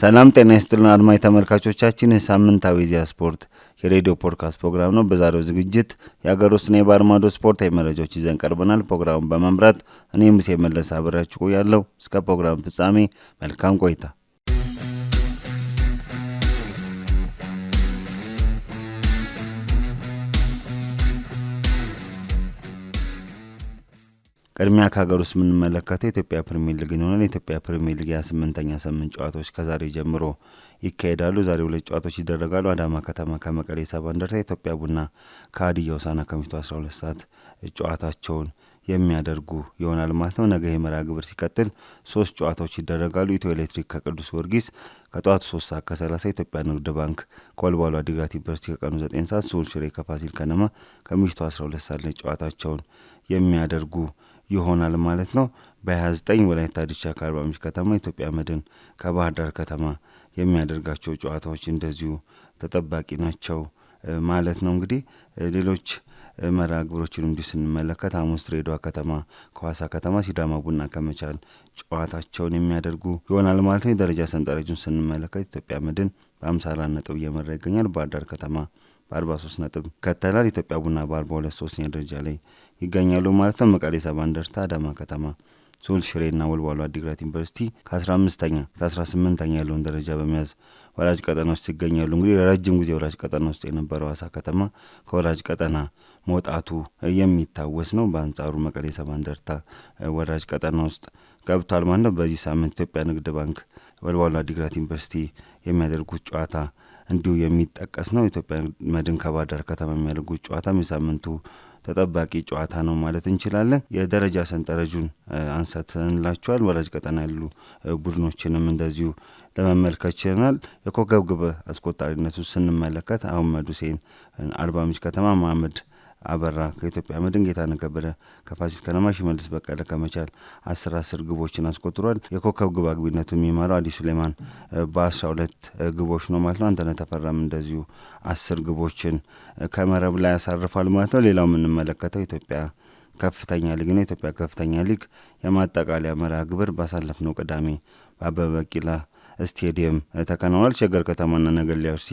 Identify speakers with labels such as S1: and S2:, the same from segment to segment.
S1: ሰላም ጤና ይስጥልን አድማጭ ተመልካቾቻችን፣ የሳምንታዊ ዚያ ስፖርት የሬዲዮ ፖድካስት ፕሮግራም ነው። በዛሬው ዝግጅት የአገር ውስጥና የባህር ማዶ ስፖርታዊ መረጃዎች ይዘን ቀርበናል። ፕሮግራሙን በመምራት እኔ ሙሴ መለስ አብሬያችሁ ቆያለሁ። እስከ ፕሮግራም ፍጻሜ መልካም ቆይታ ቅድሚያ ከሀገር ውስጥ የምንመለከተው ኢትዮጵያ ፕሪሚየር ሊግን ይሆናል። የኢትዮጵያ ፕሪሚየር ሊግ የስምንተኛ ሳምንት ጨዋታዎች ከዛሬ ጀምሮ ይካሄዳሉ። ዛሬ ሁለት ጨዋታዎች ይደረጋሉ። አዳማ ከተማ ከመቀሌ ሰባ እንደርታ፣ ኢትዮጵያ ቡና ከሀዲያ ሆሳዕና ከምሽቱ አስራ ሁለት ሰዓት ጨዋታቸውን የሚያደርጉ ይሆናል ማለት ነው። ነገ መርሃ ግብር ሲቀጥል ሶስት ጨዋታዎች ይደረጋሉ። ኢትዮ ኤሌክትሪክ ከቅዱስ ጊዮርጊስ ከጠዋቱ ሶስት ሰዓት ከሰላሳ ኢትዮጵያ ንግድ ባንክ ከወልዋሎ ዓዲግራት ዩኒቨርሲቲ ከቀኑ ዘጠኝ ሰዓት፣ ሱል ሽሬ ከፋሲል ከነማ ከምሽቱ አስራ ሁለት ሰዓት ላይ ጨዋታቸውን የሚያደርጉ ይሆናል ማለት ነው። በ29 ወላይታ ዲቻ ከአርባ ምንጭ ከተማ፣ ኢትዮጵያ መድን ከባህር ዳር ከተማ የሚያደርጋቸው ጨዋታዎች እንደዚሁ ተጠባቂ ናቸው ማለት ነው። እንግዲህ ሌሎች መርሃ ግብሮችን እንዲሁ ስንመለከት ሐሙስ ድሬዳዋ ከተማ ከዋሳ ከተማ ሲዳማ ቡና ከመቻል ጨዋታቸውን የሚያደርጉ ይሆናል ማለት ነው። የደረጃ ሰንጠረጁን ስንመለከት ኢትዮጵያ መድን በአምሳ አራት ነጥብ እየመራ ይገኛል። ባህር ዳር ከተማ በአርባ ሶስት ነጥብ ይከተላል። ኢትዮጵያ ቡና በአርባ ሁለት ሶስተኛ ደረጃ ላይ ይገኛሉ ማለት ነው። መቀሌ ሰባ እንደርታ፣ አዳማ ከተማ ሱል ሽሬና ወልዋሎ አዲግራት ዩኒቨርሲቲ ከ15ኛ ከ18ኛ ያለውን ደረጃ በመያዝ ወራጅ ቀጠና ውስጥ ይገኛሉ። እንግዲህ ለረጅም ጊዜ ወራጅ ቀጠና ውስጥ የነበረው አሳ ከተማ ከወራጅ ቀጠና መውጣቱ የሚታወስ ነው። በአንጻሩ መቀሌ ሰባ እንደርታ ወራጅ ቀጠና ውስጥ ገብቷል ማለት ነው። በዚህ ሳምንት ኢትዮጵያ ንግድ ባንክ ወልዋሎ አዲግራት ዩኒቨርሲቲ የሚያደርጉት ጨዋታ እንዲሁ የሚጠቀስ ነው። ኢትዮጵያ መድን ከባህር ዳር ከተማ የሚያደርጉት ጨዋታም የሳምንቱ ተጠባቂ ጨዋታ ነው ማለት እንችላለን። የደረጃ ሰንጠረዡን አንሳትንላቸዋል። ወራጅ ቀጠና ያሉ ቡድኖችንም እንደዚሁ ለመመልከት ችለናል። የኮከብ ግብ አስቆጣሪነቱ ስንመለከት አህመድ ሁሴን አርባ ምንጭ ከተማ፣ መሀመድ አበራ ከኢትዮጵያ መድን ጌታነህ ከበደ ከፋሲል ከነማ ሽመልስ በቀለ ከመቻል አስር አስር ግቦችን አስቆጥሯል። የኮከብ ግብ አግቢነቱ የሚመራው አዲ ሱሌማን በአስራ ሁለት ግቦች ነው ማለት ነው። አንተነህ ተፈራም እንደዚሁ አስር ግቦችን ከመረብ ላይ ያሳርፏል ማለት ነው። ሌላው የምንመለከተው ኢትዮጵያ ከፍተኛ ሊግ ነው። ኢትዮጵያ ከፍተኛ ሊግ የማጠቃለያ መርሃ ግብር ባሳለፍነው ቅዳሜ በአበበ ቢቂላ ስቴዲየም ተከናውኗል። ሸገር ከተማና ነገሌ አርሲ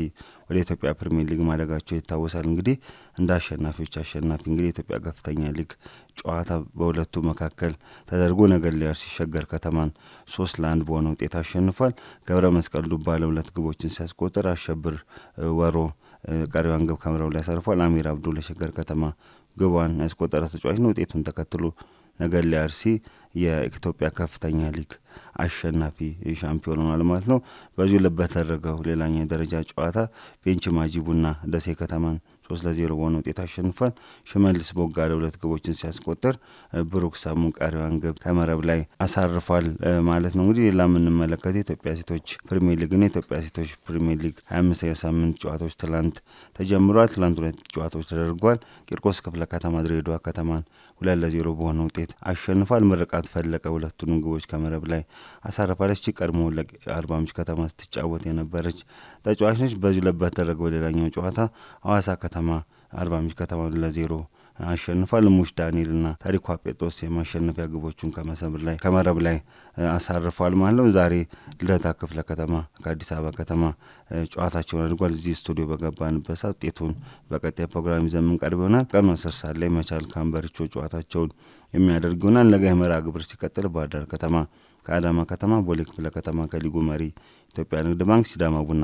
S1: ወደ ኢትዮጵያ ፕሪሚየር ሊግ ማደጋቸው ይታወሳል። እንግዲህ እንደ አሸናፊዎች አሸናፊ እንግዲህ የኢትዮጵያ ከፍተኛ ሊግ ጨዋታ በሁለቱ መካከል ተደርጎ ነገሌ አርሲ ሸገር ከተማን ሶስት ለአንድ በሆነ ውጤት አሸንፏል። ገብረ መስቀል ዱባ ለሁለት ግቦችን ሲያስቆጥር አሸብር ወሮ ቀሪዋን ግብ ከምረው ላይ ያሳርፏል። አሚር አብዱ ለሸገር ከተማ ግቧን ያስቆጠረ ተጫዋች ነው። ውጤቱን ተከትሎ ነገሌ አርሲ የኢትዮጵያ ከፍተኛ ሊግ አሸናፊ ሻምፒዮን ሆኗል ማለት ነው። በዚሁ ልብ በተደረገው ሌላኛው ደረጃ ጨዋታ ቤንች ማጂ ቡና ደሴ ከተማን ሶስት ለዜሮ በሆነ ውጤት አሸንፏል። ሽመልስ ቦጋለ ሁለት ግቦችን ሲያስቆጥር ብሩክ ሳሙ ቀሪዋን ግብ ከመረብ ላይ አሳርፏል ማለት ነው። እንግዲህ ሌላ የምንመለከተው የኢትዮጵያ ሴቶች ፕሪሚየር ሊግ ሊግና የኢትዮጵያ ሴቶች ፕሪሚየር ሊግ ሀያ አምስተኛ ሳምንት ጨዋታዎች ትላንት ተጀምረዋል። ትላንት ሁለት ጨዋታዎች ተደርጓል። ቂርቆስ ክፍለ ከተማ ድሬዳዋ ከተማን ሁለት ለዜሮ በሆነ ውጤት አሸንፏል። ምርቃት ፈለቀ ሁለቱንም ግቦች ከመረብ ላይ አሳርፋለች። ቀድሞ አርባ ምንጭ ከተማ ስትጫወት የነበረች ተጫዋች ነች። በዚሁ ለበት ተደረገው ሌላኛው ጨዋታ ሐዋሳ ከተማ ከተማ አርባ ምንጭ ከተማ ለዜሮ አሸንፏል። ሙሽ ዳንኤልና ታሪኩ ጴጥሮስ የማሸነፊያ ግቦቹን ከመሰብ ላይ ከመረብ ላይ አሳርፏል ማለት ነው። ዛሬ ልደታ ክፍለ ከተማ ከአዲስ አበባ ከተማ ጨዋታቸውን አድርጓል። እዚህ ስቱዲዮ በገባንበት ሰዓት ውጤቱን በቀጣይ ፕሮግራም ይዘን የምንቀርብ ይሆናል። ቀኑ አስር ሰዓት ላይ መቻል ካምበርቾ ጨዋታቸውን የሚያደርግ ይሆናል። ነገ መርሃ ግብር ሲቀጥል ባህር ዳር ከተማ ከአዳማ ከተማ፣ ቦሌ ክፍለ ከተማ ከሊጉ መሪ ኢትዮጵያ ንግድ ባንክ፣ ሲዳማ ቡና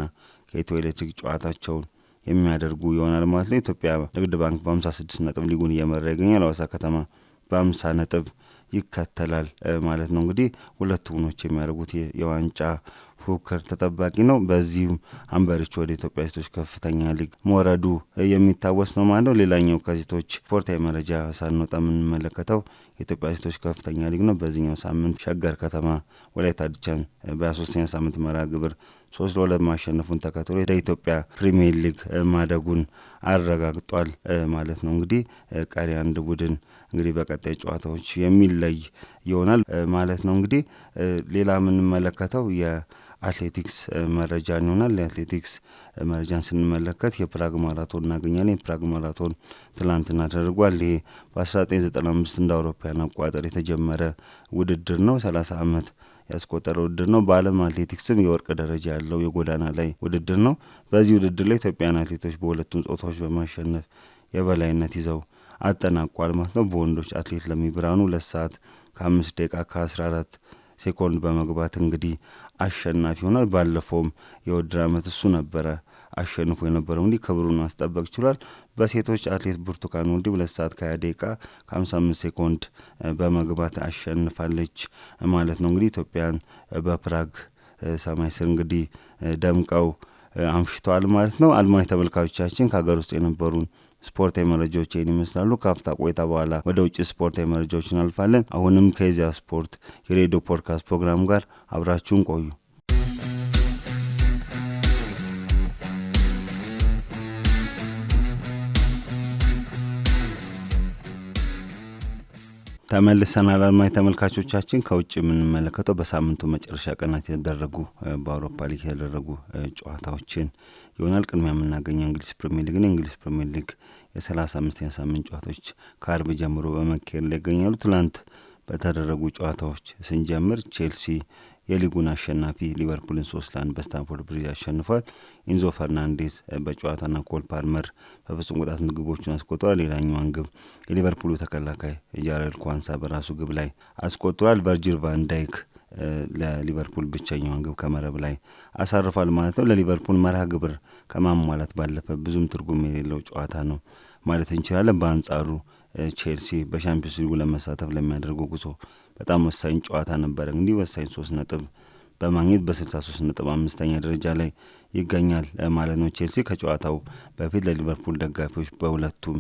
S1: ከኢትዮ ኤሌክትሪክ ጨዋታቸውን የሚያደርጉ ይሆናል ማለት ነው። ኢትዮጵያ ንግድ ባንክ በአምሳ ስድስት ነጥብ ሊጉን እየመራ ይገኛል። ሐዋሳ ከተማ በ ነጥብ ይከተላል ማለት ነው። እንግዲህ ሁለቱ ቡድኖች የሚያደርጉት የዋንጫ ፉክክር ተጠባቂ ነው። በዚህም አንበሪች ወደ ኢትዮጵያ ሴቶች ከፍተኛ ሊግ መውረዱ የሚታወስ ነው ማለት ነው። ሌላኛው ከሴቶች ስፖርታዊ መረጃ ሳንወጣ የምንመለከተው የኢትዮጵያ ሴቶች ከፍተኛ ሊግ ነው። በዚህኛው ሳምንት ሸገር ከተማ ወላይታ ዲቻን በሶስተኛ ሳምንት መርሃ ግብር ሶስት ለሁለት ማሸነፉን ተከትሎ ወደ ኢትዮጵያ ፕሪሚየር ሊግ ማደጉን አረጋግጧል ማለት ነው። እንግዲህ ቀሪ አንድ ቡድን እንግዲህ በቀጣይ ጨዋታዎች የሚለይ ይሆናል ማለት ነው። እንግዲህ ሌላ የምንመለከተው አትሌቲክስ መረጃ ይሆናል። የአትሌቲክስ መረጃን ስንመለከት የፕራግ ማራቶን እናገኛለን። የፕራግ ማራቶን ትላንትና ተደርጓል። ይሄ በ1995 እንደ አውሮፓውያን አቆጣጠር የተጀመረ ውድድር ነው። 30 ዓመት ያስቆጠረ ውድድር ነው። በዓለም አትሌቲክስም የወርቅ ደረጃ ያለው የጎዳና ላይ ውድድር ነው። በዚህ ውድድር ላይ ኢትዮጵያን አትሌቶች በሁለቱም ጾታዎች በማሸነፍ የበላይነት ይዘው አጠናቋል ማለት ነው። በወንዶች አትሌት ለሚ ብርሃኑ ሁለት ሰዓት ከአምስት ደቂቃ ከአስራ አራት ሴኮንድ በመግባት እንግዲህ አሸናፊ ይሆናል። ባለፈውም የውድድር ዓመት እሱ ነበረ አሸንፎ የነበረው እንዲህ ክብሩን ማስጠበቅ ችሏል። በሴቶች አትሌት ብርቱካን ወልዴ ሁለት ሰዓት ከሀያ ደቂቃ ከሀምሳ አምስት ሴኮንድ በመግባት አሸንፋለች ማለት ነው። እንግዲህ ኢትዮጵያን በፕራግ ሰማይ ስር እንግዲህ ደምቀው አምሽተዋል ማለት ነው። አድማጭ ተመልካቾቻችን ከሀገር ውስጥ የነበሩን ስፖርታዊ መረጃዎች ይህን ይመስላሉ። ከአፍታ ቆይታ በኋላ ወደ ውጭ ስፖርታዊ መረጃዎች እናልፋለን። አሁንም ከዚያ ስፖርት የሬዲዮ ፖድካስት ፕሮግራም ጋር አብራችሁን ቆዩ። ተመልሰናል አድማጭ ተመልካቾቻችን። ከውጭ የምንመለከተው በሳምንቱ መጨረሻ ቀናት የተደረጉ በአውሮፓ ሊግ የተደረጉ ጨዋታዎችን ይሆናል። ቅድሚያ የምናገኘው እንግሊዝ ፕሪሚየር ሊግ የእንግሊዝ ፕሪሚየር ሊግ የሰላሳ አምስተኛ ሳምንት ጨዋታዎች ከአርብ ጀምሮ በመካሄድ ላይ ይገኛሉ። ትናንት በተደረጉ ጨዋታዎች ስንጀምር ቼልሲ የሊጉን አሸናፊ ሊቨርፑልን ሶስት ለአንድ በስታንፎርድ ብሪጅ አሸንፏል። ኢንዞ ፈርናንዴዝ በጨዋታና ኮል ፓልመር በፍጹም ቅጣት ምግቦቹን አስቆጥሯል። ሌላኛዋን ግብ የሊቨርፑሉ ተከላካይ ጃረል ኳንሳ በራሱ ግብ ላይ አስቆጥሯል። ቨርጂል ቫንዳይክ ለሊቨርፑል ብቸኛዋን ግብ ከመረብ ላይ አሳርፏል ማለት ነው። ለሊቨርፑል መርሃ ግብር ከማሟላት ባለፈ ብዙም ትርጉም የሌለው ጨዋታ ነው ማለት እንችላለን። በአንጻሩ ቼልሲ በሻምፒዮንስ ሊጉ ለመሳተፍ ለሚያደርገው ጉዞ በጣም ወሳኝ ጨዋታ ነበረ። እንግዲህ ወሳኝ ሶስት ነጥብ በማግኘት በ63 ነጥብ አምስተኛ ደረጃ ላይ ይገኛል ማለት ነው። ቼልሲ ከጨዋታው በፊት ለሊቨርፑል ደጋፊዎች በሁለቱም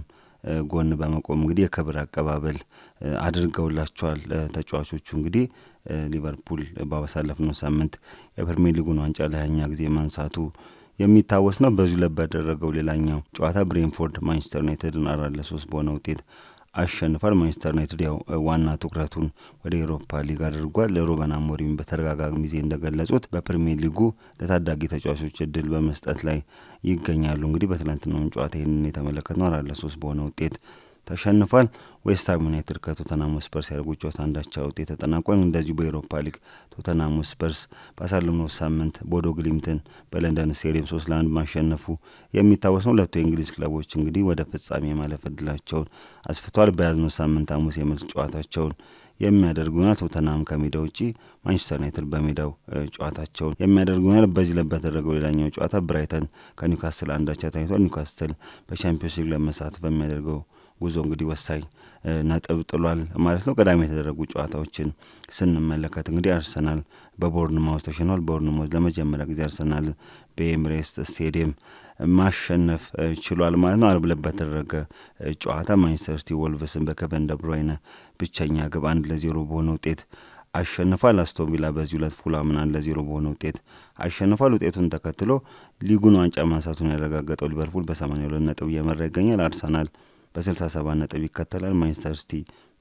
S1: ጎን በመቆም እንግዲህ የክብር አቀባበል አድርገውላቸዋል። ተጫዋቾቹ እንግዲህ ሊቨርፑል ባሳለፍነው ሳምንት የፕሪሚየር ሊጉን ዋንጫ ለሃያኛ ጊዜ ማንሳቱ የሚታወስ ነው። በዚሁ ላይ ያደረገው ሌላኛው ጨዋታ ብሬንፎርድ ማንቸስተር ዩናይትድን አራት ለሶስት በሆነ ውጤት አሸንፏል። ማንቸስተር ዩናይትድ ያው ዋና ትኩረቱን ወደ ኤሮፓ ሊግ አድርጓል። ሩበን አሞሪም በተደጋጋሚ ጊዜ እንደገለጹት በፕሪሚየር ሊጉ ለታዳጊ ተጫዋቾች እድል በመስጠት ላይ ይገኛሉ። እንግዲህ በትላንትናውን ጨዋታ ይህንን የተመለከት ነው አራት ለሶስት በሆነ ውጤት ተሸንፏል። ዌስትሃም ዩናይትድ ከቶተናም ስፐርስ ያደረጉት ጨዋታ አንድ ውጤት ተጠናቋል። እንደዚሁ በኤሮፓ ሊግ ቶተናም ስፐርስ ባሳለፍነው ሳምንት ቦዶ ግሊምትን በለንደን ስቴዲየም ሶስት ለአንድ ማሸነፉ የሚታወስ ነው። ሁለቱ የእንግሊዝ ክለቦች እንግዲህ ወደ ፍጻሜ ማለፍ እድላቸውን አስፍተዋል። በያዝነው ሳምንት ሐሙስ የመልስ ጨዋታቸውን የሚያደርጉ ይሆናል። ቶተናም ከሜዳ ውጪ ማንቸስተር ዩናይትድ በሜዳው ጨዋታቸውን የሚያደርጉ ይሆናል። በዚህ ላይ በተደረገው ሌላኛው ጨዋታ ብራይተን ከኒውካስትል አንዳቻ ተኝቷል። ኒውካስትል በቻምፒዮንስ ሊግ ለመሳተፍ በሚያደርገው ጉዞ እንግዲህ ወሳኝ ነጥብ ጥሏል ማለት ነው። ቅዳሜ የተደረጉ ጨዋታዎችን ስንመለከት እንግዲህ አርሰናል በቦርንማውዝ ተሸንፏል። ቦርንማውዝ ለመጀመሪያ ጊዜ አርሰናል በኤምሬስ ስቴዲየም ማሸነፍ ችሏል ማለት ነው። አርብ ዕለት በተደረገ ጨዋታ ማንቸስተር ሲቲ ወልቭስን በኬቨን ደብሮይነ ብቸኛ ግብ አንድ ለዜሮ በሆነ ውጤት አሸንፏል። አስቶን ቪላ በዚህ ሁለት ፉላምን አንድ ለዜሮ በሆነ ውጤት አሸንፏል። ውጤቱን ተከትሎ ሊጉን ዋንጫ ማንሳቱን ያረጋገጠው ሊቨርፑል በሰማንያ ሁለት ነጥብ እየመራ ይገኛል። አርሰናል በ67 ነጥብ ይከተላል። ማንቸስተር ሲቲ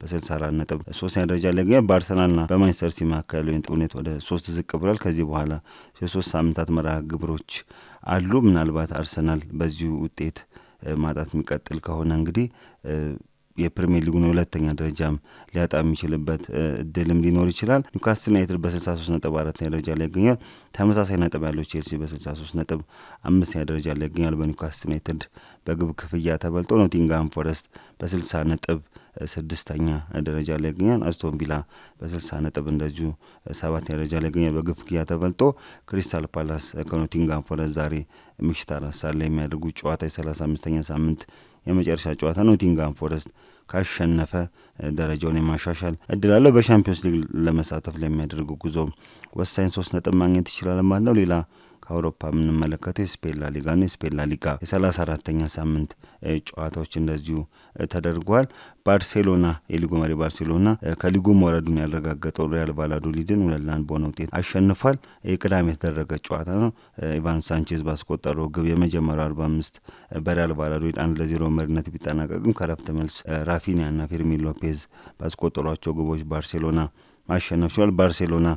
S1: በ64 ነጥብ ሶስተኛ ደረጃ ላይ ይገኛል። በአርሰናልና በማንቸስተር ሲቲ መካከል ያለው ነጥብ ወደ ሶስት ዝቅ ብሏል። ከዚህ በኋላ የሶስት ሳምንታት መርሃ ግብሮች አሉ። ምናልባት አርሰናል በዚሁ ውጤት ማጣት የሚቀጥል ከሆነ እንግዲህ የፕሪሚየር ሊጉን የሁለተኛ ደረጃም ሊያጣ የሚችልበት እድልም ሊኖር ይችላል። ኒውካስል ዩናይትድ በስልሳ ሶስት ነጥብ አራተኛ ደረጃ ላይ ይገኛል። ተመሳሳይ ነጥብ ያለው ቼልሲ በስልሳ ሶስት ነጥብ አምስተኛ ደረጃ ላይ ይገኛል። በኒውካስል ዩናይትድ በግብ ክፍያ ተበልጦ ኖቲንጋም ፎረስት በስልሳ ነጥብ ስድስተኛ ደረጃ ላይ ይገኛል። አስቶን ቪላ በስልሳ ነጥብ እንደዚሁ ሰባተኛ ደረጃ ላይ ይገኛል በግብ ክፍያ ተበልጦ። ክሪስታል ፓላስ ከኖቲንጋም ፎረስት ዛሬ ምሽት አራት ሰዓት ላይ የሚያደርጉት ጨዋታ የሰላሳ አምስተኛ ሳምንት የመጨረሻ ጨዋታ ኖቲንጋም ፎረስት ካሸነፈ ደረጃውን የማሻሻል እድል አለው። በሻምፒዮንስ ሊግ ለመሳተፍ ለሚያደርገው ጉዞ ወሳኝ ሶስት ነጥብ ማግኘት ይችላል ማለት ነው። ሌላ ከአውሮፓ የምንመለከተው የስፔን ላሊጋ ነው። የስፔን ላሊጋ የሰላሳ አራተኛ ሳምንት ጨዋታዎች እንደዚሁ ተደርጓል። ባርሴሎና የሊጉ መሪ ባርሴሎና ከሊጉ መውረዱን ያረጋገጠው ሪያል ቫላዶሊድን ሁለት ለአንድ በሆነ ውጤት አሸንፏል። የቅዳሜ የተደረገ ጨዋታ ነው። ኢቫን ሳንቼዝ ባስቆጠረው ግብ የመጀመሪያው አርባ አምስት በሪያል ቫላዶሊድ አንድ ለዜሮ መሪነት ቢጠናቀቅም ከረፍት መልስ ራፊኒያና ፌርሚን ሎፔዝ ባስቆጠሯቸው ግቦች ባርሴሎና ማሸነፍ ችሏል። ባርሴሎና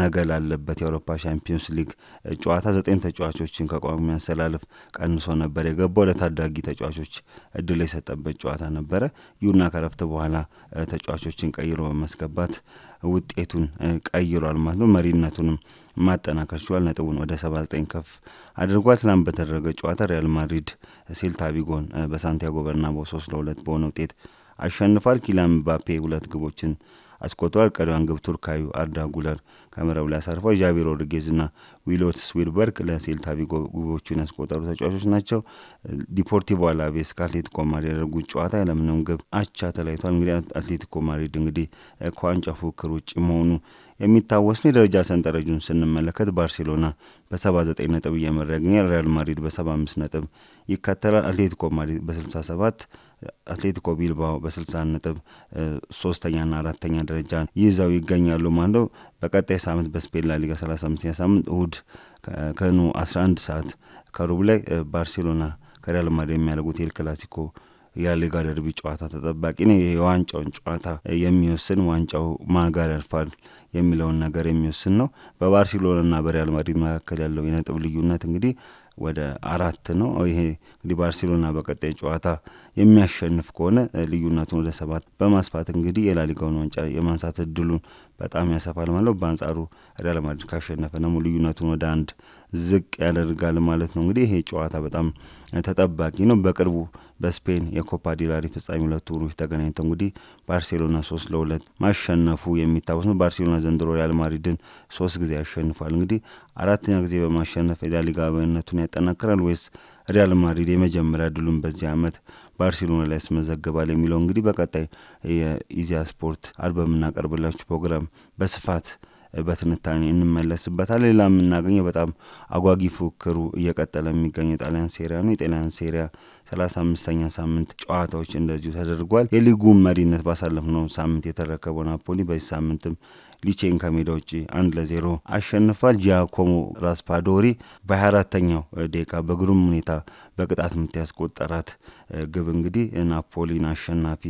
S1: ነገ ላለበት የአውሮፓ ሻምፒዮንስ ሊግ ጨዋታ ዘጠኝ ተጫዋቾችን ከቋሚ ያሰላለፍ ቀንሶ ነበር የገባው። ለታዳጊ ተጫዋቾች እድል የሰጠበት ጨዋታ ነበረ። ይሁና ከረፍት በኋላ ተጫዋቾችን ቀይሮ በማስገባት ውጤቱን ቀይሯል ማለት ነው። መሪነቱንም ማጠናከር ችሏል። ነጥቡን ወደ ሰባ ዘጠኝ ከፍ አድርጓል። ትናንት በተደረገ ጨዋታ ሪያል ማድሪድ ሴልታ ቪጎን በሳንቲያጎ በርናቦ ሶስት ለሁለት በሆነ ውጤት አሸንፏል። ኪሊያን ምባፔ ሁለት ግቦችን አስቆጥሯል። ቀሪዋን ግብ ቱርካዊው አርዳ ጉለር ከመረብ ላይ አሳርፏል። ዣቪ ሮድሪጌዝ ና ዊሎት ስዊድበርግ ለሴልታ ቪጎ ግቦቹን ያስቆጠሩ ተጫዋቾች ናቸው። ዲፖርቲቮ አላቬስ ከአትሌቲኮ ማድሪድ ያደረጉት ጨዋታ ያለምንም ግብ አቻ ተለያይቷል። እንግዲህ አትሌቲኮ ማድሪድ እንግዲህ ከዋንጫ ፉክክር ውጭ መሆኑ የሚታወስ ነው። የደረጃ ሰንጠረጁን ስንመለከት ባርሴሎና በ79 ነጥብ እየመራ ያገኛል። ሪያል ማድሪድ በ75 ነጥብ ይከተላል። አትሌቲኮ ማድሪድ በ67 አትሌቲኮ ቢልባኦ በ60 ነጥብ ሶስተኛና አራተኛ ደረጃ ይዘው ይገኛሉ ማለት ነው። በቀጣይ ሳምንት በስፔን ላሊጋ 3 አምስተኛ ሳምንት እሁድ ከኑ 11 ሰዓት ከሩብ ላይ ባርሴሎና ከሪያል ማድሪድ የሚያደርጉት ኤል ክላሲኮ የሊጋ ደርቢ ጨዋታ ተጠባቂ ነው። የዋንጫውን ጨዋታ የሚወስን ዋንጫው ማጋር ያልፋል የሚለውን ነገር የሚወስን ነው። በባርሴሎናና በሪያል ማድሪድ መካከል ያለው የነጥብ ልዩነት እንግዲህ ወደ አራት ነው። ይሄ እንግዲህ ባርሴሎና በቀጣይ ጨዋታ የሚያሸንፍ ከሆነ ልዩነቱን ወደ ሰባት በማስፋት እንግዲህ የላሊጋውን ዋንጫ የማንሳት እድሉን በጣም ያሰፋል ማለት ነው። በአንጻሩ ሪያል ማድሪድ ካሸነፈ ደግሞ ልዩነቱን ወደ አንድ ዝቅ ያደርጋል ማለት ነው። እንግዲህ ይሄ ጨዋታ በጣም ተጠባቂ ነው። በቅርቡ በስፔን የኮፓ ዲላሪ ፍጻሜ ሁለቱ ሩች ተገናኝተው እንግዲህ ባርሴሎና ሶስት ለሁለት ማሸነፉ የሚታወስ ነው። ባርሴሎና ዘንድሮ ሪያል ማድሪድን ሶስት ጊዜ ያሸንፏል። እንግዲህ አራተኛ ጊዜ በማሸነፍ የላሊጋ ያጠናክራል ወይስ ሪያል ማድሪድ የመጀመሪያ ድሉን በዚህ ዓመት ባርሴሎና ላይ ያስመዘግባል የሚለው እንግዲህ በቀጣይ የኢዜአ ስፖርት አድ በምናቀርብላችሁ ፕሮግራም በስፋት በትንታኔ እንመለስበታል። ሌላ የምናገኘው በጣም አጓጊ ፉክክሩ እየቀጠለ የሚገኘው የጣሊያን ሴሪያ ነው። የጣሊያን ሴሪያ ሰላሳ አምስተኛ ሳምንት ጨዋታዎች እንደዚሁ ተደርጓል። የሊጉ መሪነት ባሳለፍነው ሳምንት የተረከበው ናፖሊ በዚህ ሳምንትም ሊቼን ከሜዳ ውጭ አንድ ለዜሮ አሸንፏል። ጂያኮሞ ራስፓዶሪ በ24ተኛው ደቂቃ በግሩም ሁኔታ በቅጣት ምት ያስቆጠራት ግብ እንግዲህ ናፖሊን አሸናፊ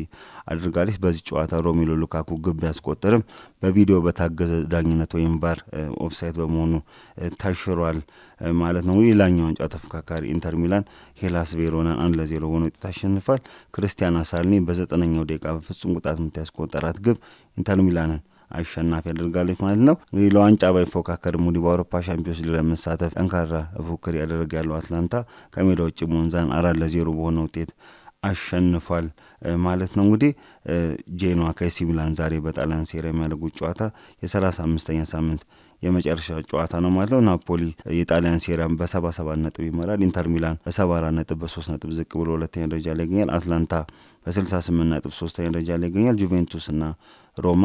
S1: አድርጋለች። በዚህ ጨዋታ ሮሜሎ ሉካኩ ግብ ቢያስቆጠርም በቪዲዮ በታገዘ ዳኝነት ወይም ባር ኦፍሳይት በመሆኑ ተሽሯል ማለት ነው። ሌላኛው ዋንጫ ተፎካካሪ ኢንተር ሚላን ሄላስ ቬሮናን አንድ ለዜሮ በሆነ ውጤት አሸንፏል። ክርስቲያን አሳልኒ በዘጠነኛው ደቂቃ በፍጹም ቅጣት ምት ያስቆጠራት ግብ ኢንተር ሚላንን አሸናፊ ያደርጋለች ማለት ነው። እንግዲህ ለዋንጫ ባይፎካከር ሙዲ በአውሮፓ ሻምፒዮንስ ሊግ ለመሳተፍ ጠንካራ ፉክክር ያደረገ ያለው አትላንታ ከሜዳ ውጭ ሞንዛን አራት ለዜሮ በሆነ ውጤት አሸንፏል ማለት ነው። እንግዲህ ጄኖዋ ከኤሲ ሚላን ዛሬ በጣሊያን ሴራ የሚያደርጉት ጨዋታ የሰላሳ አምስተኛ ሳምንት የመጨረሻ ጨዋታ ነው ማለት ነው። ናፖሊ የጣሊያን ሴሪያን በሰባ ሰባት ነጥብ ይመራል። ኢንተር ሚላን በሰባ አራት ነጥብ በሶስት ነጥብ ዝቅ ብሎ ሁለተኛ ደረጃ ላይ ይገኛል። አትላንታ በ68 ነጥብ ሶስተኛ ደረጃ ላይ ይገኛል። ጁቬንቱስ እና ሮማ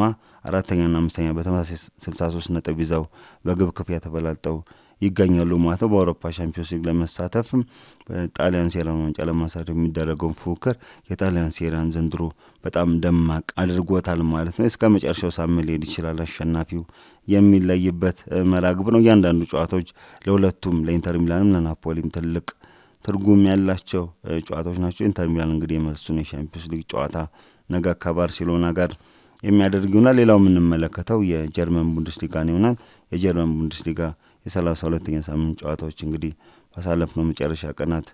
S1: አራተኛና አምስተኛ በተመሳሳይ 63 ነጥብ ይዘው በግብ ክፍያ ተበላልጠው ይገኛሉ ማለት ነው። በአውሮፓ ሻምፒዮንስ ሊግ ለመሳተፍም በጣሊያን ሴራን ዋንጫ ለማሳደር የሚደረገውን ፉክክር የጣሊያን ሴራን ዘንድሮ በጣም ደማቅ አድርጎታል ማለት ነው። እስከ መጨረሻው ሳምንት ሊሄድ ይችላል አሸናፊው የሚለይበት መራግብ ነው። እያንዳንዱ ጨዋታዎች ለሁለቱም ለኢንተር ሚላንም ለናፖሊም ትልቅ ትርጉም ያላቸው ጨዋታዎች ናቸው። ኢንተር ሚላን እንግዲህ የመልሱን የሻምፒዮንስ ሊግ ጨዋታ ነገ ከባርሴሎና ጋር የሚያደርግ ይሆናል። ሌላው የምንመለከተው የጀርመን ቡንደስሊጋን ይሆናል። የጀርመን ቡንደስሊጋ የሰላሳ ሁለተኛ ሳምንት ጨዋታዎች እንግዲህ ባሳለፍነው መጨረሻ ቀናት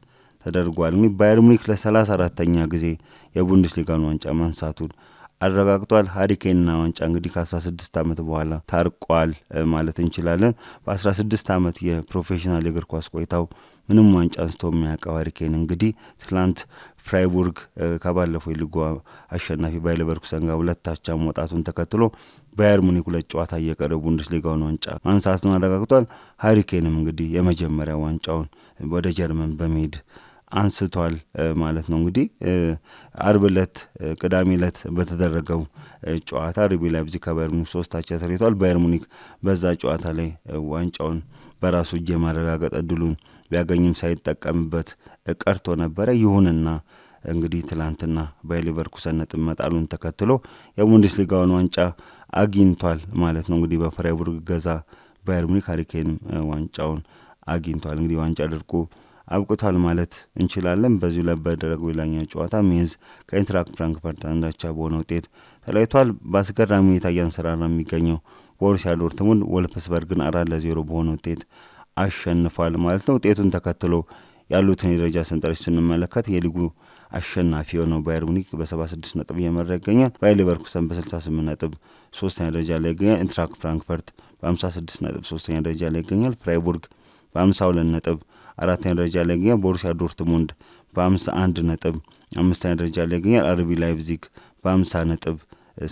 S1: ተደርጓል። እንግዲህ ባየር ሙኒክ ለሰላሳ አራተኛ ጊዜ የቡንደስሊጋን ዋንጫ ማንሳቱን አረጋግጧል። ሀሪኬንና ዋንጫ እንግዲህ ከ16 ዓመት በኋላ ታርቋል ማለት እንችላለን በአስራ ስድስት ዓመት የፕሮፌሽናል የእግር ኳስ ቆይታው ምንም ዋንጫ አንስቶ የሚያውቀው ሀሪኬን እንግዲህ ትላንት ፍራይቡርግ ከባለፈው የሊጉ አሸናፊ ባየር ሌቨርኩሰን ጋር ሁለት አቻ መውጣቱን ተከትሎ ባየር ሙኒክ ሁለት ጨዋታ እየቀረው ቡንደስሊጋውን ዋንጫ ማንሳቱን አረጋግጧል። ሀሪኬንም እንግዲህ የመጀመሪያ ዋንጫውን ወደ ጀርመን በመሄድ አንስቷል ማለት ነው። እንግዲህ አርብ ዕለት ቅዳሜ ዕለት በተደረገው ጨዋታ ሪቢ ላይፕዚግ ከባየር ሙኒክ ሶስት አቻ ተለይቷል። ባየር ሙኒክ በዛ ጨዋታ ላይ ዋንጫውን በራሱ እጅ የማረጋገጥ እድሉን ቢያገኝም ሳይጠቀምበት ቀርቶ ነበረ። ይሁንና እንግዲህ ትላንትና በሌቨርኩሰን ነጥብ መጣሉን ተከትሎ የቡንደስሊጋውን ዋንጫ አግኝቷል ማለት ነው። እንግዲህ በፍራይቡርግ ገዛ ባየር ሙኒክ ሀሪኬን ዋንጫውን አግኝቷል። እንግዲህ ዋንጫ ድርቁ አብቅቷል ማለት እንችላለን። በዚሁ ላይ በደረገው ሌላኛው ጨዋታ ሜንዝ ከኢንትራክት ፍራንክፈርት አንዳቻ በሆነ ውጤት ተለይቷል። በአስገራሚ ሁኔታ እያንሰራራ የሚገኘው ቦሩሲያ ዶርትሙንድ ወልፍስበርግን አራት ለዜሮ በሆነ ውጤት አሸንፏል ማለት ነው። ውጤቱን ተከትሎ ያሉትን የደረጃ ሰንጠረዥ ስንመለከት የሊጉ አሸናፊ የሆነው ባየር ሙኒክ በ76 ነጥብ እየመራ ይገኛል። ባየር ሊቨርኩሰን በ68 ነጥብ ሶስተኛ ደረጃ ላይ ይገኛል። ኢንትራክ ፍራንክፈርት በ56 ነጥብ ሶስተኛ ደረጃ ላይ ይገኛል። ፍራይቡርግ በ52 ነጥብ አራተኛ ደረጃ ላይ ይገኛል። ቦሩሲያ ዶርትሙንድ በ51 ነጥብ አምስተኛ ደረጃ ላይ ይገኛል። አርቢ ላይፕዚግ በ50 ነጥብ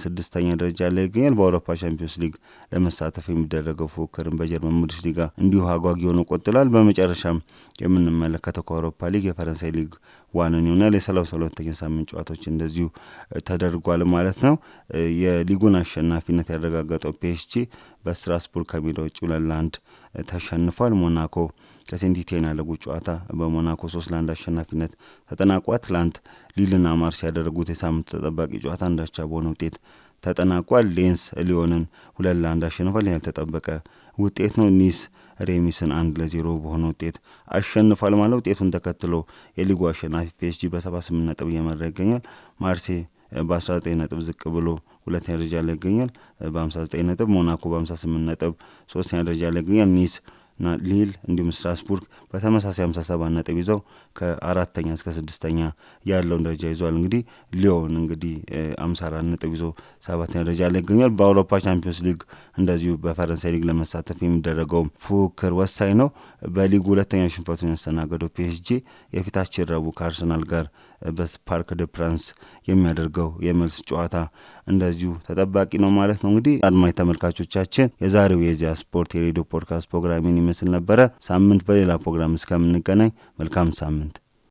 S1: ስድስተኛ ደረጃ ላይ ይገኛል። በአውሮፓ ሻምፒዮንስ ሊግ ለመሳተፍ የሚደረገው ፉክክርን በጀርመን ሊጋ እንዲሁ አጓጊ ሆኖ ቆጥሏል። በመጨረሻም የምንመለከተው ከአውሮፓ ሊግ የፈረንሳይ ሊግ ዋንን ይሆናል። የሰላሳ ሁለተኛ ሳምንት ጨዋታዎች እንደዚሁ ተደርጓል ማለት ነው። የሊጉን አሸናፊነት ያረጋገጠው ፒኤስጂ በስትራስቡርግ ከሜዳ ውጭ ሁለት ለአንድ ተሸንፏል። ሞናኮ ከሴንቲቴን ያደረጉት ጨዋታ በሞናኮ ሶስት ለአንድ አሸናፊነት ተጠናቋል ትላንት ሊልና ማርስ ያደረጉት የሳምንቱ ተጠባቂ ጨዋታ እንዳቻ በሆነ ውጤት ተጠናቋል። ሌንስ ሊዮንን ሁለት ለአንድ አሸንፏል። ያልተጠበቀ ውጤት ነው። ኒስ ሬሚስን አንድ ለዜሮ በሆነ ውጤት አሸንፏል። ማለት ውጤቱን ተከትሎ የሊጉ አሸናፊ ፒኤስጂ በሰባ ስምንት ነጥብ እየመራ ይገኛል። ማርሴ በ19 ነጥብ ዝቅ ብሎ ሁለተኛ ደረጃ ላይ ይገኛል በ59 ነጥብ። ሞናኮ በ58 ነጥብ ሶስተኛ ደረጃ ላይ ይገኛል። ኒስ ና ሊል እንዲሁም ስትራስቡርግ በተመሳሳይ 57 ነጥብ ይዘው ከአራተኛ እስከ ስድስተኛ ያለውን ደረጃ ይዟል። እንግዲህ ሊዮን እንግዲህ 54 ነጥብ ይዞ ሰባተኛ ደረጃ ላይ ይገኛል። በአውሮፓ ቻምፒዮንስ ሊግ እንደዚሁ በፈረንሳይ ሊግ ለመሳተፍ የሚደረገው ፉክክር ወሳኝ ነው። በሊጉ ሁለተኛ ሽንፈቱን ያስተናገደው ፒኤስጂ የፊታችን ረቡዕ ከአርሰናል ጋር በፓርክ ደ ፕራንስ የሚያደርገው የመልስ ጨዋታ እንደዚሁ ተጠባቂ ነው ማለት ነው። እንግዲህ አድማጭ ተመልካቾቻችን የዛሬው የኢዜአ ስፖርት የሬዲዮ ፖድካስት ፕሮግራሚን ይመስል ነበረ። ሳምንት በሌላ ፕሮግራም እስከምንገናኝ መልካም ሳምንት